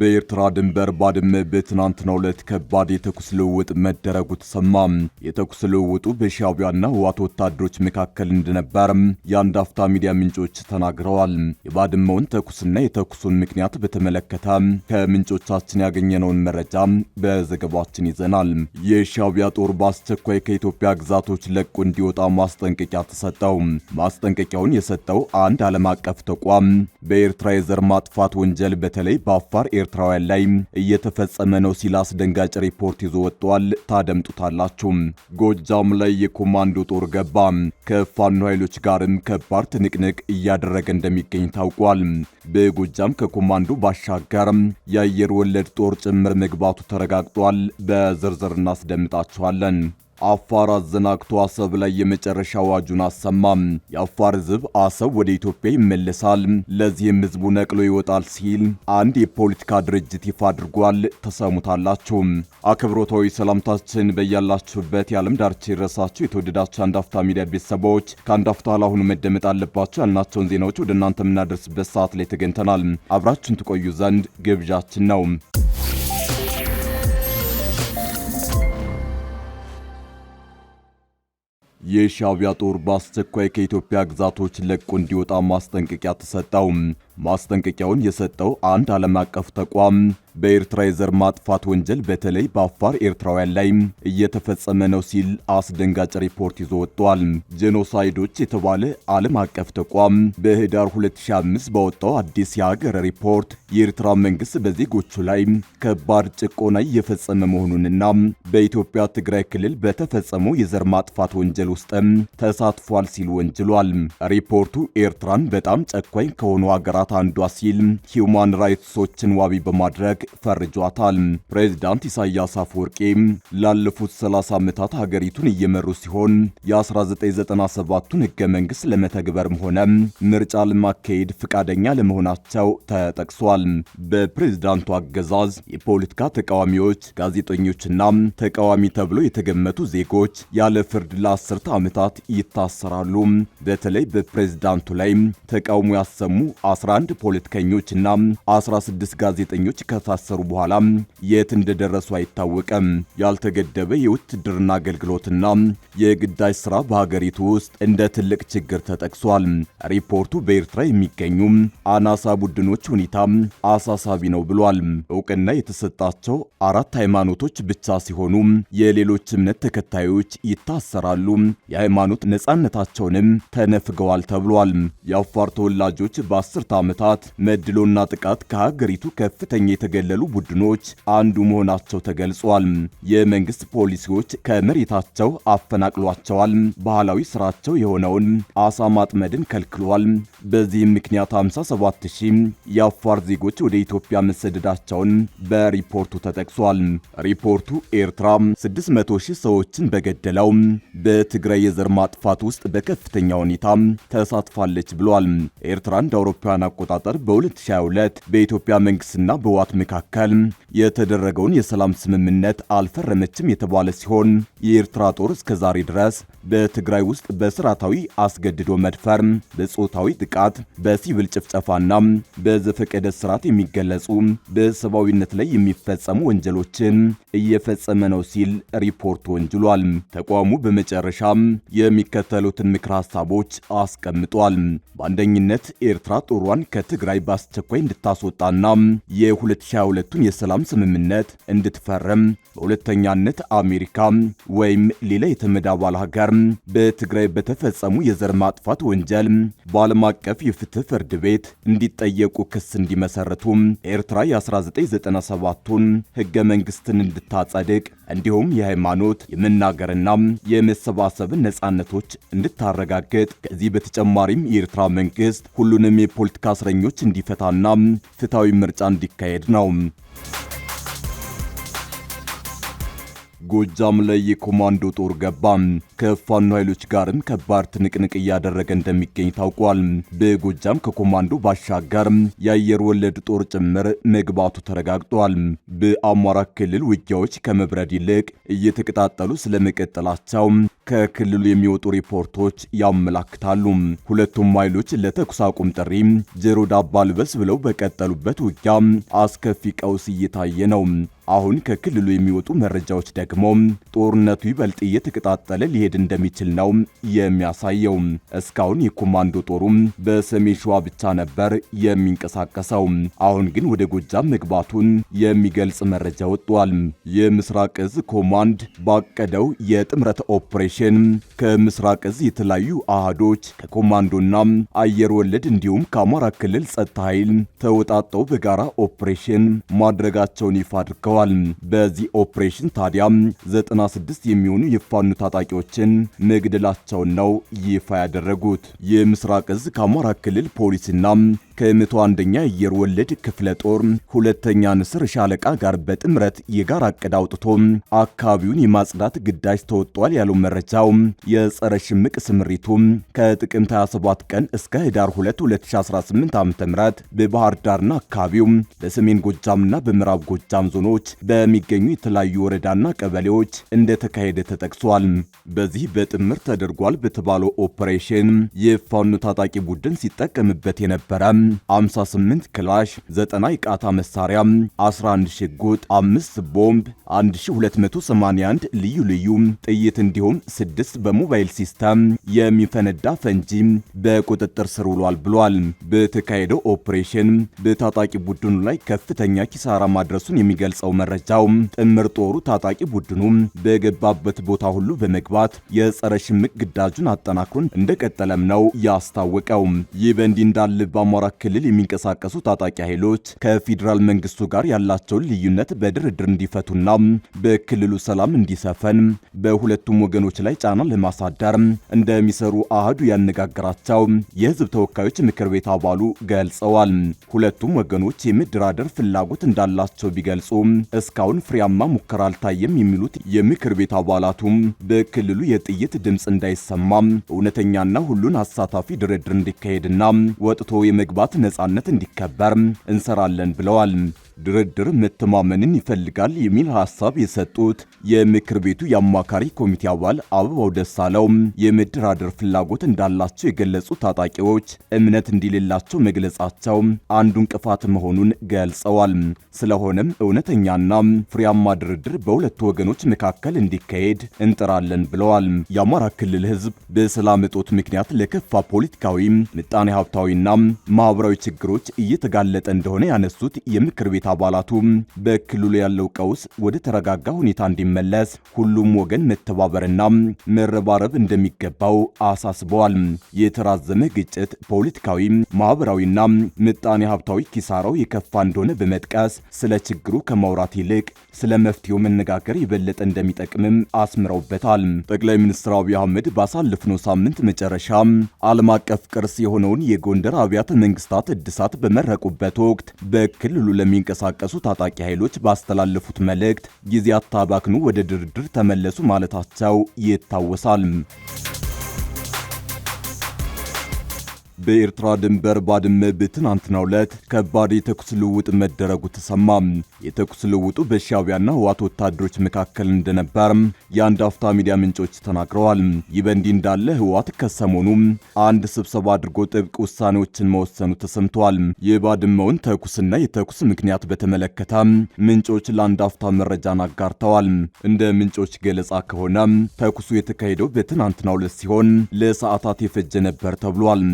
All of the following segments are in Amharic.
በኤርትራ ድንበር ባድመ በትናንትናው ዕለት ከባድ የተኩስ ልውውጥ መደረጉ ተሰማ። የተኩስ ልውውጡ በሻቢያና ህዋት ወታደሮች መካከል እንደነበር የአንድ አፍታ ሚዲያ ምንጮች ተናግረዋል። የባድመውን ተኩስና የተኩሱን ምክንያት በተመለከተ ከምንጮቻችን ያገኘነውን መረጃ በዘገባችን ይዘናል። የሻቢያ ጦር በአስቸኳይ ከኢትዮጵያ ግዛቶች ለቆ እንዲወጣ ማስጠንቀቂያ ተሰጠው። ማስጠንቀቂያውን የሰጠው አንድ ዓለም አቀፍ ተቋም በኤርትራ የዘር ማጥፋት ወንጀል በተለይ በአፋር ኤርትራውያን ላይ እየተፈጸመ ነው ሲል አስደንጋጭ ሪፖርት ይዞ ወጥቷል። ታደምጡታላችሁ። ጎጃም ላይ የኮማንዶ ጦር ገባ። ከፋኖ ኃይሎች ጋርም ከባድ ትንቅንቅ እያደረገ እንደሚገኝ ታውቋል። በጎጃም ከኮማንዶ ባሻገር የአየር ወለድ ጦር ጭምር መግባቱ ተረጋግጧል። በዝርዝር እናስደምጣችኋለን። አፋር አዘናግቶ አሰብ ላይ የመጨረሻ አዋጁን አሰማም። የአፋር ህዝብ አሰብ ወደ ኢትዮጵያ ይመለሳል፣ ለዚህም ህዝቡ ነቅሎ ይወጣል ሲል አንድ የፖለቲካ ድርጅት ይፋ አድርጓል። ተሰሙታላችሁ። አክብሮታዊ ሰላምታችን በያላችሁበት የዓለም ዳርቻ ይድረሳችሁ። የተወደዳችሁ አንዳፍታ ሚዲያ ቤተሰቦች ከአንዳፍታ ላሁኑ መደመጥ አለባቸው ያልናቸውን ዜናዎች ወደ እናንተ የምናደርስበት ሰዓት ላይ ተገኝተናል። አብራችሁን ትቆዩ ዘንድ ግብዣችን ነው። የሻቢያ ጦር በአስቸኳይ ከኢትዮጵያ ግዛቶች ለቆ እንዲወጣ ማስጠንቀቂያ ተሰጠው። ማስጠንቀቂያውን የሰጠው አንድ ዓለም አቀፍ ተቋም በኤርትራ የዘር ማጥፋት ወንጀል በተለይ በአፋር ኤርትራውያን ላይ እየተፈጸመ ነው ሲል አስደንጋጭ ሪፖርት ይዞ ወጥቷል። ጄኖሳይዶች የተባለ ዓለም አቀፍ ተቋም በህዳር 2005 ባወጣው አዲስ የሀገር ሪፖርት የኤርትራ መንግስት በዜጎቹ ላይ ከባድ ጭቆና እየፈጸመ መሆኑንና በኢትዮጵያ ትግራይ ክልል በተፈጸመው የዘር ማጥፋት ወንጀል ውስጥም ተሳትፏል ሲል ወንጅሏል። ሪፖርቱ ኤርትራን በጣም ጨኳኝ ከሆኑ ሀገራት አንዷ ሲል ሂውማን ራይትሶችን ዋቢ በማድረግ ፈርጇታል። ፕሬዚዳንት ኢሳያስ አፈወርቂ ላለፉት 30 ዓመታት ሀገሪቱን እየመሩ ሲሆን የ1997ቱን ህገ መንግስት ለመተግበርም ሆነ ምርጫ ለማካሄድ ፈቃደኛ ለመሆናቸው ተጠቅሷል። በፕሬዚዳንቱ አገዛዝ የፖለቲካ ተቃዋሚዎች፣ ጋዜጠኞችና ተቃዋሚ ተብሎ የተገመቱ ዜጎች ያለ ፍርድ ለአስርተ ዓመታት ይታሰራሉ። በተለይ በፕሬዝዳንቱ ላይ ተቃውሞ ያሰሙ 11 ፖለቲከኞችና 16 ጋዜጠኞች ከታ ከታሰሩ በኋላ የት እንደደረሱ አይታወቅም። ያልተገደበ የውትድርና አገልግሎትና የግዳጅ ስራ በሀገሪቱ ውስጥ እንደ ትልቅ ችግር ተጠቅሷል። ሪፖርቱ በኤርትራ የሚገኙ አናሳ ቡድኖች ሁኔታ አሳሳቢ ነው ብሏል። እውቅና የተሰጣቸው አራት ሃይማኖቶች ብቻ ሲሆኑ የሌሎች እምነት ተከታዮች ይታሰራሉ፣ የሃይማኖት ነጻነታቸውንም ተነፍገዋል ተብሏል። የአፋር ተወላጆች በአስርተ ዓመታት መድሎና ጥቃት ከሀገሪቱ ከፍተኛ የተገለ ያገለሉ ቡድኖች አንዱ መሆናቸው ተገልጿል። የመንግስት ፖሊሲዎች ከመሬታቸው አፈናቅሏቸዋል። ባህላዊ ስራቸው የሆነውን አሳ ማጥመድን ከልክሏል። በዚህም ምክንያት 57 ሺህ የአፋር ዜጎች ወደ ኢትዮጵያ መሰደዳቸውን በሪፖርቱ ተጠቅሷል። ሪፖርቱ ኤርትራ 600 ሺህ ሰዎችን በገደለው በትግራይ የዘር ማጥፋት ውስጥ በከፍተኛ ሁኔታ ተሳትፋለች ብሏል። ኤርትራ እንደ አውሮፓውያን አቆጣጠር በ2022 በኢትዮጵያ መንግስትና በዋት ምካ መካከል የተደረገውን የሰላም ስምምነት አልፈረመችም የተባለ ሲሆን የኤርትራ ጦር እስከ ዛሬ ድረስ በትግራይ ውስጥ በስርዓታዊ አስገድዶ መድፈር፣ በጾታዊ ጥቃት፣ በሲቪል ጭፍጨፋና በዘፈቀደ ስርዓት የሚገለጹ በሰብአዊነት ላይ የሚፈጸሙ ወንጀሎችን እየፈጸመ ነው ሲል ሪፖርት ወንጅሏል። ተቋሙ በመጨረሻም የሚከተሉትን ምክር ሀሳቦች አስቀምጧል። በአንደኝነት ኤርትራ ጦሯን ከትግራይ በአስቸኳይ እንድታስወጣና የ2022ቱን የሰላም ስምምነት እንድትፈርም በሁለተኛነት አሜሪካ ወይም ሌላ የተመድ አባል ሀገር በትግራይ በተፈጸሙ የዘር ማጥፋት ወንጀል በዓለም አቀፍ የፍትህ ፍርድ ቤት እንዲጠየቁ ክስ እንዲመሰርቱ ኤርትራ የ1997ቱን ህገ መንግስትን እንድታጸድቅ እንዲሁም የሃይማኖት የመናገርና የመሰባሰብን ነጻነቶች እንድታረጋግጥ ከዚህ በተጨማሪም የኤርትራ መንግስት ሁሉንም የፖለቲካ እስረኞች እንዲፈታና ፍትሐዊ ምርጫ እንዲካሄድ ነው። Thank you. ጎጃም ላይ የኮማንዶ ጦር ገባ። ከፋኖ ኃይሎች ጋርም ከባድ ትንቅንቅ እያደረገ እንደሚገኝ ታውቋል። በጎጃም ከኮማንዶ ባሻገር የአየር ወለድ ጦር ጭምር መግባቱ ተረጋግጧል። በአማራ ክልል ውጊያዎች ከመብረድ ይልቅ እየተቀጣጠሉ ስለመቀጠላቸው ከክልሉ የሚወጡ ሪፖርቶች ያመላክታሉ። ሁለቱም ኃይሎች ለተኩስ አቁም ጥሪ ጆሮ ዳባ ልበስ ብለው በቀጠሉበት ውጊያ አስከፊ ቀውስ እየታየ ነው። አሁን ከክልሉ የሚወጡ መረጃዎች ደግሞ ጦርነቱ ይበልጥ እየተቀጣጠለ ሊሄድ እንደሚችል ነው የሚያሳየው። እስካሁን የኮማንዶ ጦሩ በሰሜን ሸዋ ብቻ ነበር የሚንቀሳቀሰው። አሁን ግን ወደ ጎጃም መግባቱን የሚገልጽ መረጃ ወጥቷል። የምስራቅ እዝ ኮማንድ ባቀደው የጥምረት ኦፕሬሽን ከምስራቅ እዝ የተለያዩ አሃዶች ከኮማንዶና አየር ወለድ እንዲሁም ከአማራ ክልል ጸጥታ ኃይል ተወጣጠው በጋራ ኦፕሬሽን ማድረጋቸውን ይፋ አድርገዋል። ተናግረዋል። በዚህ ኦፕሬሽን ታዲያ 96 የሚሆኑ የፋኑ ታጣቂዎችን መግደላቸውን ነው ይፋ ያደረጉት። የምስራቅ እዝ ከአማራ ክልል ፖሊስና ከመቶ አንደኛ አየር ወለድ ክፍለ ጦር ሁለተኛ ንስር ሻለቃ ጋር በጥምረት የጋራ እቅድ አውጥቶ አካባቢውን የማጽዳት ግዳጅ ተወጥቷል ያለው መረጃው የጸረ ሽምቅ ስምሪቱ ከጥቅምት 27 ቀን እስከ ህዳር 2 2018 ዓ.ም በባህር ዳርና አካባቢው በሰሜን ጎጃምና በምዕራብ ጎጃም ዞኖች በሚገኙ የተለያዩ ወረዳና ቀበሌዎች እንደተካሄደ ተጠቅሷል። በዚህ በጥምር ተደርጓል በተባለው ኦፕሬሽን የፋኖ ታጣቂ ቡድን ሲጠቀምበት የነበረ 58 ክላሽ፣ 90 የቃታ መሳሪያ፣ 11 ሽጉጥ፣ 5 ቦምብ፣ 1281 ልዩ ልዩ ጥይት እንዲሁም 6 በሞባይል ሲስተም የሚፈነዳ ፈንጂ በቁጥጥር ስር ውሏል ብሏል። በተካሄደው ኦፕሬሽን በታጣቂ ቡድኑ ላይ ከፍተኛ ኪሳራ ማድረሱን የሚገልጸው መረጃው ጥምር ጦሩ ታጣቂ ቡድኑ በገባበት ቦታ ሁሉ በመግባት የጸረ ሽምቅ ግዳጁን አጠናክሮን እንደቀጠለም ነው ያስታወቀው። ይህ በእንዲህ እንዳለ በአማራ ክልል የሚንቀሳቀሱ ታጣቂ ኃይሎች ከፌዴራል መንግስቱ ጋር ያላቸውን ልዩነት በድርድር እንዲፈቱና በክልሉ ሰላም እንዲሰፈን በሁለቱም ወገኖች ላይ ጫና ለማሳደር እንደሚሰሩ አህዱ ያነጋገራቸው የህዝብ ተወካዮች ምክር ቤት አባሉ ገልጸዋል። ሁለቱም ወገኖች የመደራደር ፍላጎት እንዳላቸው ቢገልጹ እስካሁን ፍሬያማ ሙከራ አልታየም የሚሉት የምክር ቤት አባላቱም በክልሉ የጥይት ድምፅ እንዳይሰማ እውነተኛና ሁሉን አሳታፊ ድርድር እንዲካሄድና ወጥቶ የመግባት የመግባት ነጻነት እንዲከበር እንሰራለን ብለዋል። ድርድር መተማመንን ይፈልጋል የሚል ሀሳብ የሰጡት የምክር ቤቱ የአማካሪ ኮሚቴ አባል አበባው ደሳለው የመደራደር ፍላጎት እንዳላቸው የገለጹ ታጣቂዎች እምነት እንዲሌላቸው መግለጻቸው አንዱ እንቅፋት መሆኑን ገልጸዋል። ስለሆነም እውነተኛና ፍሬያማ ድርድር በሁለቱ ወገኖች መካከል እንዲካሄድ እንጥራለን ብለዋል። የአማራ ክልል ህዝብ በሰላም እጦት ምክንያት ለከፋ ፖለቲካዊ፣ ምጣኔ ሀብታዊና ማህበራዊ ችግሮች እየተጋለጠ እንደሆነ ያነሱት የምክር ቤት አባላቱ በክልሉ ያለው ቀውስ ወደ ተረጋጋ ሁኔታ እንዲመለስ ሁሉም ወገን መተባበርና መረባረብ እንደሚገባው አሳስበዋል። የተራዘመ ግጭት ፖለቲካዊ፣ ማህበራዊና ምጣኔ ሀብታዊ ኪሳራው የከፋ እንደሆነ በመጥቀስ ስለ ችግሩ ከማውራት ይልቅ ስለ መፍትሄው መነጋገር የበለጠ እንደሚጠቅምም አስምረውበታል። ጠቅላይ ሚኒስትር አብይ አህመድ ባሳለፍነው ሳምንት መጨረሻ ዓለም አቀፍ ቅርስ የሆነውን የጎንደር አብያተ መንግስታት እድሳት በመረቁበት ወቅት በክልሉ ለሚንቀ የሚንቀሳቀሱ ታጣቂ ኃይሎች ባስተላለፉት መልእክት ጊዜ አታባክኑ፣ ወደ ድርድር ተመለሱ ማለታቸው ይታወሳል። በኤርትራ ድንበር ባድመ በትናንትናው ዕለት ከባድ የተኩስ ልውውጥ መደረጉ ተሰማ። የተኩስ ልውውጡ በሻቢያና ህዋት ወታደሮች መካከል እንደነበር የአንድ አፍታ ሚዲያ ምንጮች ተናግረዋል። ይህ በእንዲህ እንዳለ ህዋት ከሰሞኑ አንድ ስብሰባ አድርጎ ጥብቅ ውሳኔዎችን መወሰኑ ተሰምተዋል። የባድመውን ተኩስና የተኩስ ምክንያት በተመለከተ ምንጮች ለአንድ አፍታ መረጃን አጋርተዋል። እንደ ምንጮች ገለጻ ከሆነ ተኩሱ የተካሄደው በትናንትናው ዕለት ሲሆን ለሰዓታት የፈጀ ነበር ተብሏል።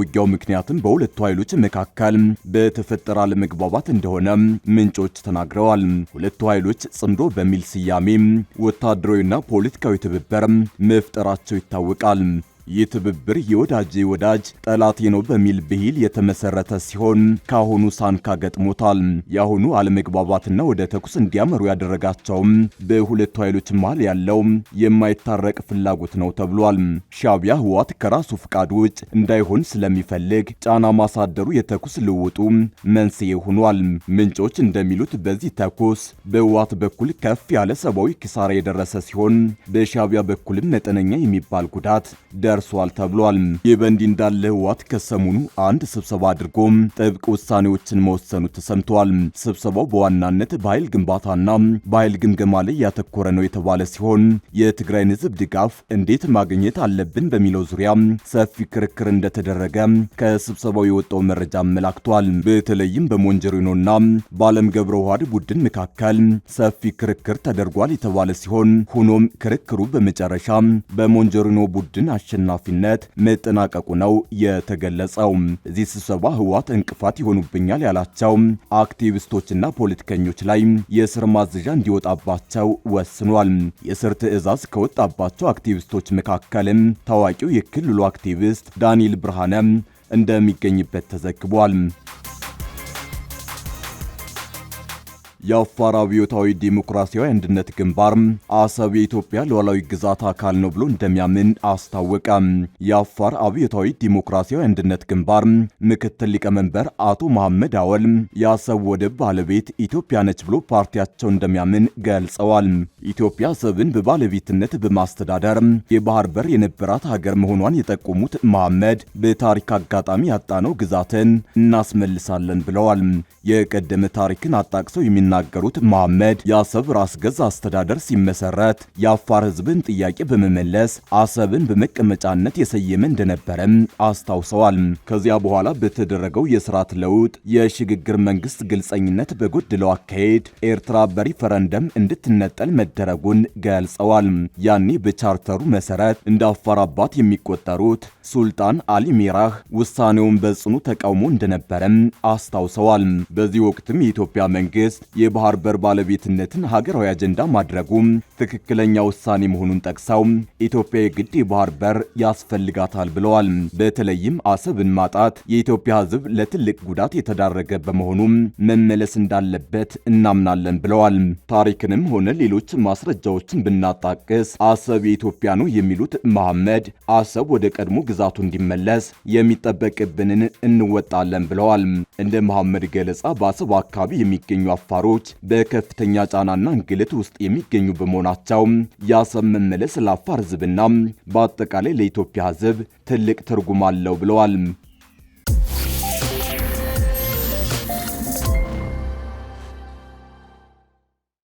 የውጊያው ምክንያትም በሁለቱ ኃይሎች መካከል በተፈጠረ አለመግባባት እንደሆነ ምንጮች ተናግረዋል። ሁለቱ ኃይሎች ጽምዶ በሚል ስያሜ ወታደራዊና ፖለቲካዊ ትብብር መፍጠራቸው ይታወቃል። ይህ ትብብር የወዳጄ ወዳጅ ጠላቴ ነው በሚል ብሂል የተመሰረተ ሲሆን ከአሁኑ ሳንካ ገጥሞታል። የአሁኑ አለመግባባትና ወደ ተኩስ እንዲያመሩ ያደረጋቸውም በሁለቱ ኃይሎች መሃል ያለው የማይታረቅ ፍላጎት ነው ተብሏል። ሻቢያ ህዋት ከራሱ ፍቃድ ውጭ እንዳይሆን ስለሚፈልግ ጫና ማሳደሩ የተኩስ ልውጡ መንስኤ ሆኗል። ምንጮች እንደሚሉት በዚህ ተኩስ በህዋት በኩል ከፍ ያለ ሰብአዊ ኪሳራ የደረሰ ሲሆን በሻቢያ በኩልም መጠነኛ የሚባል ጉዳት ደር ደርሷል ተብሏል። ይህ በእንዲህ እንዳለ ህወሓት ከሰሞኑ አንድ ስብሰባ አድርጎ ጥብቅ ውሳኔዎችን መወሰኑ ተሰምተዋል። ስብሰባው በዋናነት በኃይል ግንባታና በኃይል ግምገማ ላይ ያተኮረ ነው የተባለ ሲሆን የትግራይን ህዝብ ድጋፍ እንዴት ማግኘት አለብን በሚለው ዙሪያ ሰፊ ክርክር እንደተደረገ ከስብሰባው የወጣው መረጃ አመላክቷል። በተለይም በሞንጀሪኖና በዓለም ገብረ ውሃድ ቡድን መካከል ሰፊ ክርክር ተደርጓል የተባለ ሲሆን ሆኖም ክርክሩ በመጨረሻ በሞንጀሪኖ ቡድን አሸናፊ አሸናፊነት መጠናቀቁ ነው የተገለጸው። በዚህ ስብሰባ ህወሓት እንቅፋት ይሆኑብኛል ያላቸው አክቲቪስቶችና ፖለቲከኞች ላይ የእስር ማዘዣ እንዲወጣባቸው ወስኗል። የእስር ትዕዛዝ ከወጣባቸው አክቲቪስቶች መካከልም ታዋቂው የክልሉ አክቲቪስት ዳንኤል ብርሃነ እንደሚገኝበት ተዘግቧል። የአፋር አብዮታዊ ዲሞክራሲያዊ አንድነት ግንባር አሰብ የኢትዮጵያ ሉዓላዊ ግዛት አካል ነው ብሎ እንደሚያምን አስታወቀ። የአፋር አብዮታዊ ዲሞክራሲያዊ አንድነት ግንባር ምክትል ሊቀመንበር አቶ መሐመድ አወል የአሰብ ወደብ ባለቤት ኢትዮጵያ ነች ብሎ ፓርቲያቸው እንደሚያምን ገልጸዋል። ኢትዮጵያ አሰብን በባለቤትነት በማስተዳደር የባህር በር የነበራት ሀገር መሆኗን የጠቆሙት መሐመድ በታሪክ አጋጣሚ ያጣነው ግዛትን እናስመልሳለን ብለዋል። የቀደመ ታሪክን አጣቅሰው የሚና የሚናገሩት መሐመድ የአሰብ ራስ ገዝ አስተዳደር ሲመሰረት የአፋር ህዝብን ጥያቄ በመመለስ አሰብን በመቀመጫነት የሰየመ እንደነበረም አስታውሰዋል። ከዚያ በኋላ በተደረገው የስርዓት ለውጥ የሽግግር መንግስት ግልጸኝነት በጎደለው አካሄድ ኤርትራ በሪፈረንደም እንድትነጠል መደረጉን ገልጸዋል። ያኔ በቻርተሩ መሰረት እንደ አፋር አባት የሚቆጠሩት ሱልጣን አሊ ሚራህ ውሳኔውን በጽኑ ተቃውሞ እንደነበረም አስታውሰዋል። በዚህ ወቅትም የኢትዮጵያ መንግስት የባህር በር ባለቤትነትን ሀገራዊ አጀንዳ ማድረጉ ትክክለኛ ውሳኔ መሆኑን ጠቅሰው ኢትዮጵያ የግድ የባህር በር ያስፈልጋታል ብለዋል። በተለይም አሰብን ማጣት የኢትዮጵያ ሕዝብ ለትልቅ ጉዳት የተዳረገ በመሆኑ መመለስ እንዳለበት እናምናለን ብለዋል። ታሪክንም ሆነ ሌሎች ማስረጃዎችን ብናጣቅስ አሰብ የኢትዮጵያ ነው የሚሉት መሐመድ አሰብ ወደ ቀድሞ ግዛቱ እንዲመለስ የሚጠበቅብንን እንወጣለን ብለዋል። እንደ መሐመድ ገለጻ በአሰብ አካባቢ የሚገኙ አፋሮ ዜጎች በከፍተኛ ጫናና እንግልት ውስጥ የሚገኙ በመሆናቸው የአሰብ መመለስ ለአፋር ህዝብና በአጠቃላይ ለኢትዮጵያ ህዝብ ትልቅ ትርጉም አለው ብለዋል።